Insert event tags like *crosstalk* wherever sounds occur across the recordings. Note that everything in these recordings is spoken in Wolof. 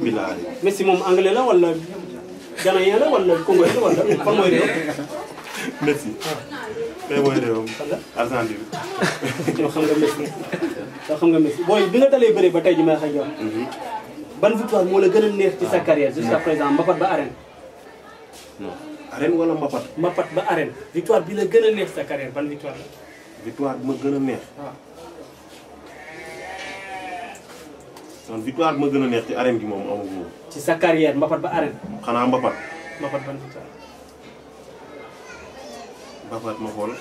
bilaay Messi moom anglais la wala ghanéen la wala congolais la wala fan mooy réew. Messi. tey nga Messi Messi booy bi nga dalee bëre ba tey ji may xëy yow. Mhm. ban victoire moo la gën a neex ci sa ah. carrière jusqu'à présent mbapat ba arène. non arène wala mbapat. ba arène victoire bi la gën a neex sa carrière ban victoire la. victoire ma gën a neex. Ah. man victoire bi ma gën a neex ci arène gi moom amagu ma. ci sa carrière mbapat ba arène. xanaa mbapat. mbapat ban victoire. mbapat ma xool.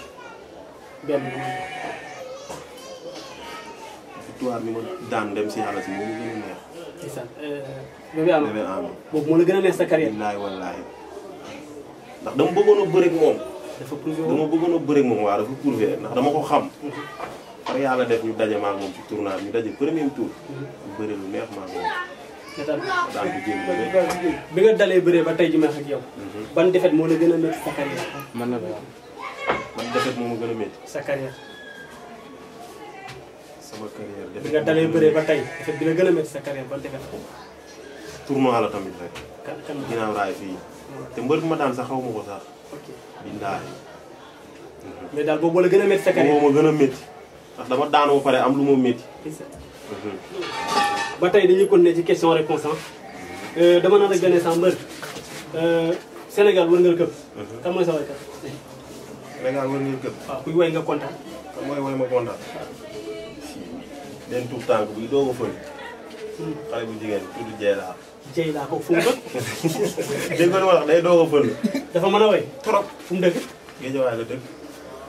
benn victoire daan dem si yàlla si moom mu gën a neex. c'est ça euh, bébé Ama boobu moo la gën a neex sa carrière. wallaahi wallaahi ndax dama bëggoon a bëreeg moom. dafa prouvé ndax dama ko xam. Mhm. ba yàlla def ñu daje maag moom ci tournoi ñu daje premier tour. bëri lu neex maag moom. bi jéem bi nga ba tey ji ma mhm. ban defet moo la gën a métti sa man na waaw man moo ma a métti. sa carrière. sama carrière defet ba tey defet bi la gën a métti sa carrière ban la tamit rek. Hmm. ma daan sax xaw ma ko sax. ok mais daal boobu la gën a métti sa carrière. moo ma gën a métti. ndax dama daanu ba pare am lu ma métti. Mhm. ba tey dañuy continuer ci question réponse ah. euh, dama naan rek a sàmm mbër euh, Sénégal wërngal këpp. Mhm. kan mooy sa waykat. Sénégal wërngal këpp. waaw kuy way nga kontaan. kan mooy way ma kontaan. benn tuut tànk bi doo ko fële. Hmm. xale bu jigéen tudd Dieyla. Dieyla ko fu mu dëkk. *laughs* dégg nga wax day doo ko fële. dafa mën a way. trop fu mu dëkk. géej waay la dëkk.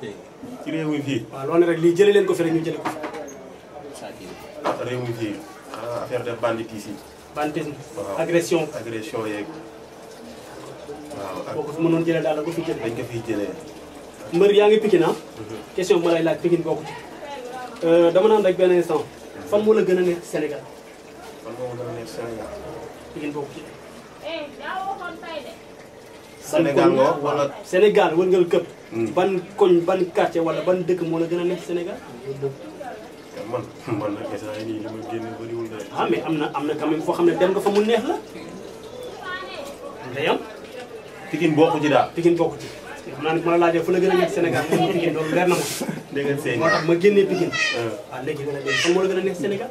ci réew mi fii. waaw rek lii jëlee leen ko fi ñu jëlee ko fi. réew mi fii ah, affaire de banditisme. banditisme agression agression yeeg. waaw boo ko fi mënoon jëlee daal la ko fi jëlee. dañ ko fiy mbër yaa ngi Pikine ah. Mhm. question bi ma lay laaj Pikine bokku ci. Euh, dama naan rek benn instant. fan moo la gën a nekk Sénégal. fan moo la gën a nekk Sénégal. Sénégal nga wala Sénégal wërngal këpp. Hmm. ban koñ ban quartier wala ban dëkk moo la gën a neex Sénégal. man man nag instant yii nii ah, am na am na quand même xam ne dem nga fa mu neex la. day am. Pikine bokku ci daal. Pikine na ma. dégg nga seen moo tax ma génnee hmm. ah, la gën a neex Sénégal.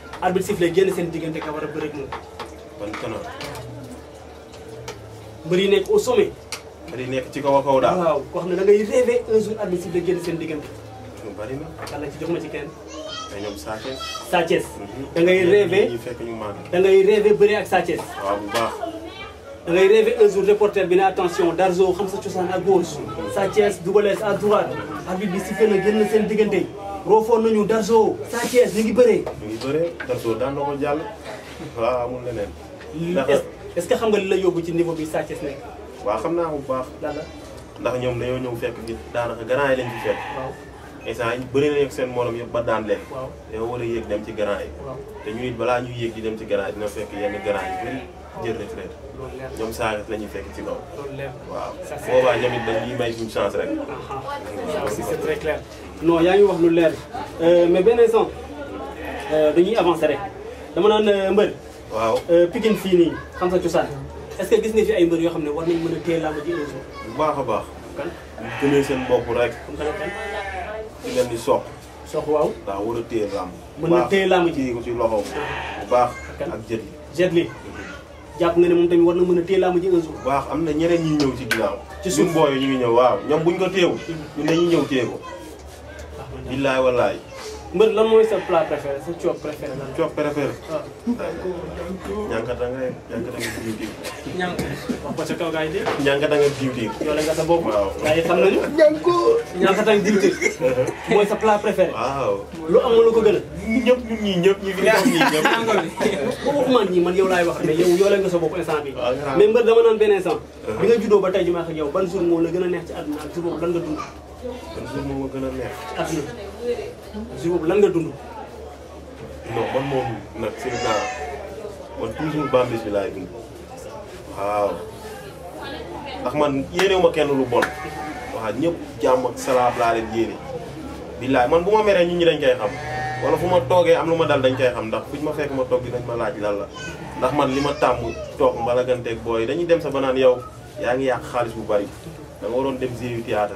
arbitre sifflé génn seen diggante ka war a bëreeg moom. kon nekk au sommet. mbër yi nekk ci kaw a kaw daal. waaw koo xam ne da ngay rêvé un jour arbitre sifflé génn seen diggante. ñu bari na. kan la ci jox ma ci kenn. te ñoom Sa mhm. da ngay rêvé ñi fekk ñu màgg. da ngay rêvé bëri ak Sa Thiès. waaw bu baax. da ngay rêvé un jour reporter bi ne attention Darzo xam sa cosaan à gauche. Sa Thiès Double Less à droite. arbitre bi sifflé na génn seen diggante. roofoon nañu Darso. Sa Thiès ñu ngi bëree. ñu ngi bëree Darso daan na ko jàll waaw amul leneen. ndax est-ce que xam nga li la yóbbu ci nimo bi Sa Thiès nekk. waaw xam naa bu baax. ndax ñoom dañoo ñëw fekk bi daanaka garaay lañ ci fekk. instant yi bëri nañu ak seen morom yëpp ba daan leen. waaw yow war a yéeg dem ci grand yi. te ñu it balaa ñu yéeg di dem ci grand yi dina fekk yenn grand yi bëri jël retraite. ñoom saa la ñuy fekk ci kaw. waaw boobaa ñoom it dañuy may suñu chance rek. Ah, ah. si c'est yaa ngi wax lu leer euh, mais benn instant euh, dañuy avancer rek dama naan euh, mbër. waaw Pikine fii nii xam sa cosaan mm. est-ce que gis nga fi ay mbër yoo xam ne war nañ mën a téye làmb ji bu baax a baax. kan gënee seen bopp rek. ci leen di soq. soq waaw waaw war a téye làmb. mën na téye làmb ji téye ko ci loxoom bu baax ak jet li jet li jàpp nga ne moom tamit war na mën a téye làmb ji un jour. baax am na ñeneen ñuy ñëw ci ginnaaw. ci suñu booy ñu ñëw waaw ñoom buñ ko téyew ñun dañuy ñëw téye ko. billaay wallaay mbër lan mooy sa plat préféré sa coop préféré lan. coop préféré. waaw. Ah. ñankatanga ñankatanga diw diw. ñank wax ko sa kaw gaa yi dégg. ñankatanga diw diw. yow la nga sa bopp. waaw xam nañu. ñanko. ñankatanga diw diw. Uh-huh. mooy sa plat préféré. waaw. lu lu a. ñëpp ñun ñii ñëpp ñu ñëpp ñii ñëpp. boo waxumaan ñii man yow wax mais yow yow la nga sa bopp instant bi mais mbër dama naan benn instant. Uh-huh. bi nga juddoo ba tey ma ak yow ban jour moo la gën a neex ci àdduna ak jour lan nga dund. ban jour moo ma gën a neex. ci àdduna jour boobu lan nga dund. non man moom nag seen naa man toujours bambis bi laay dund waaw ndax man yéenewu kenn lu bon waaw ñëpp jàmm ak salaam laa leen yéene billaay man bu ma meree ñun ñi dañ koy xam wala fu ma toogee am lu ma dal dañ koy xam ndax fuñ ma fekk ma toog dinañ ma laaj lan la ndax man li ma tàmm toog mbalaganteeg booy dañuy dem sa banaan yow yaa ngi yàq xaalis bu bari da nga waroon dem géeyu théâtre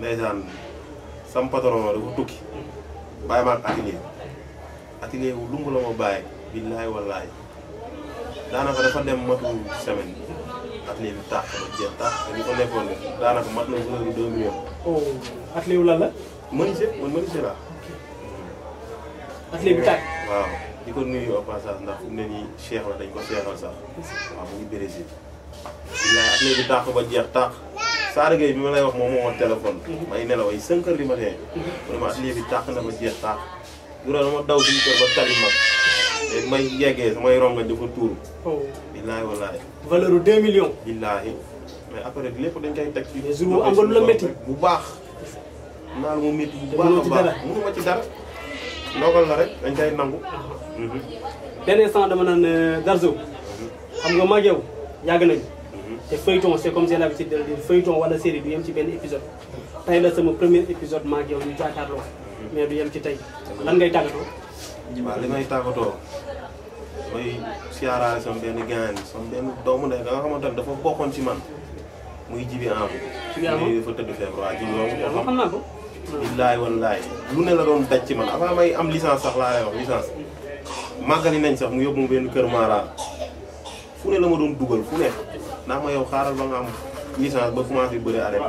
ndeysaan sam patron dafa tukki bàyyi ma ak atelier atelier wu lumb la ma bàyyi billaay wallaay daanaka dafa dem matu semaine atelier bi tàq ba jeex tàq te ñu ko nekkoon daanaka mat na bi deux millions. oh atelier wu la. menuisier man menuisier bi tàq. waaw di ko nuyu au passage ndax fu ne nii cheikh dañ ko seexal sax waaw mu ngi Brésil billaay bi tàq ba jeex tàq. Saara Gueye bi ma lay wax moom moo woon téléphone. may nelaw ay 5 heures du matin. vraiment atelier bi tàq na ma jeex tàq. du la ma daw suñu kër ba tali mag. te may yeggee samay rongañ dafa tuuru. Oh. billaahi wallaahi. valeur bu 2 millions. billaahi mais après lépp dañ koy teg ci. mais jour am nga lu la métti bu baax. naa la mu métti bu baax a baax mënu ma ci dara. ndogal la rek dañ koy nangu. Uh-huh. Mhm. benn instant dama naan Zarzo. Euh, mhm. xam nga mag yow yàgg nañu. te feuilleton c' est comme j'ai l'habitude wala série du yem ci benn épisode tey la sama premier épisode maa ngi yow ñu jàkkaarloo mais du yem ci tey lan ngay tàggatoo waaw li may tàggatoo mooy siyaaraale sama benn gaan sama benn doomu ndey da nga xamante dafa bokkoon ci man muy jibi am jibi am dafa tëdd feebar waa wallaay lu ne la doon daj ci man avant may am licence sax laa wax licence màggali nañ sax mu yóbbu mu benn kër maaraal fu ne la ma doon dugal fu ne nama ma yow xaaral ba nga am licence ba commencé beure arène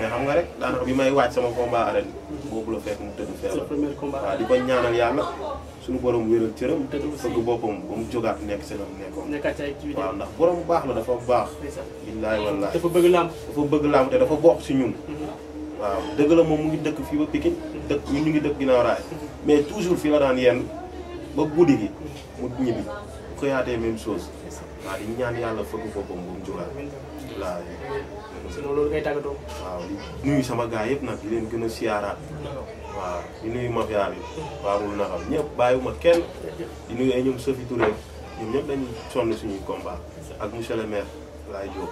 mais xam nga rek bi may wacc sama combat arène bobu la fekk mu tëdd premier combat di ko ñaanal yalla suñu borom wëral cëram fëgg bopam bu mu jógaat nekk sëram nekkoon waaw ndax borom baax la dafa baax billahi wallahi dafa bëgg lam dafa bëgg lam te dafa bok ci ñun waaw dëgg la moom mu ngi dëkk fii ba Pikine dëkk ñu ngi dëkk ginnaaw raay mais toujours fi la daan yenn ba guddi gi mu ñibi xëyaatee même chose waaw di ñaan yàlla fëgg boppam bu mu juraat laa sinon loolu nuyu sama gars yëpp nag di leen gën a siyaaraat waaw di nuyu mafia bi waawul na xam ñëpp bàyyiwuma kenn di nuyu ay ñoom Sophie Touré ñoom ñëpp dañu sonn suñuy combat ak monsieur le maire laay jóg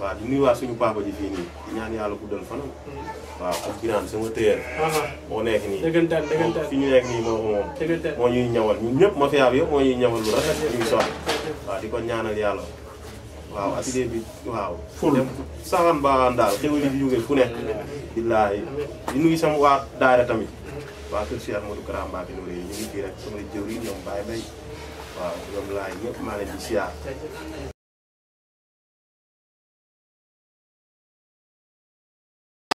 waaw di nuyuwaat suñu papa ji fii nii ñaan yàlla guddal fanam waaw ak giraan sama téer moo nekk nii dëggantaan dëggantaan fi ñu nekk nii moo ko moom moo ñuy ñawal ñun ñëpp ma fiyaab yëpp moo ñuy ñawal lu rafet ñu ngi soxla di ko ñaanal yàlla waaw atelier bi waaw dem saxan baaxaan daal xéwal yi di jóge fu nekk billaahi di nuyu sama waa daara tamit waa kër Cheikh Modou Kara Mbacké ñu ngi fii rek sama jëwri ñoom bàyyi bay waaw ñoom laay ñëpp maa leen di siyaar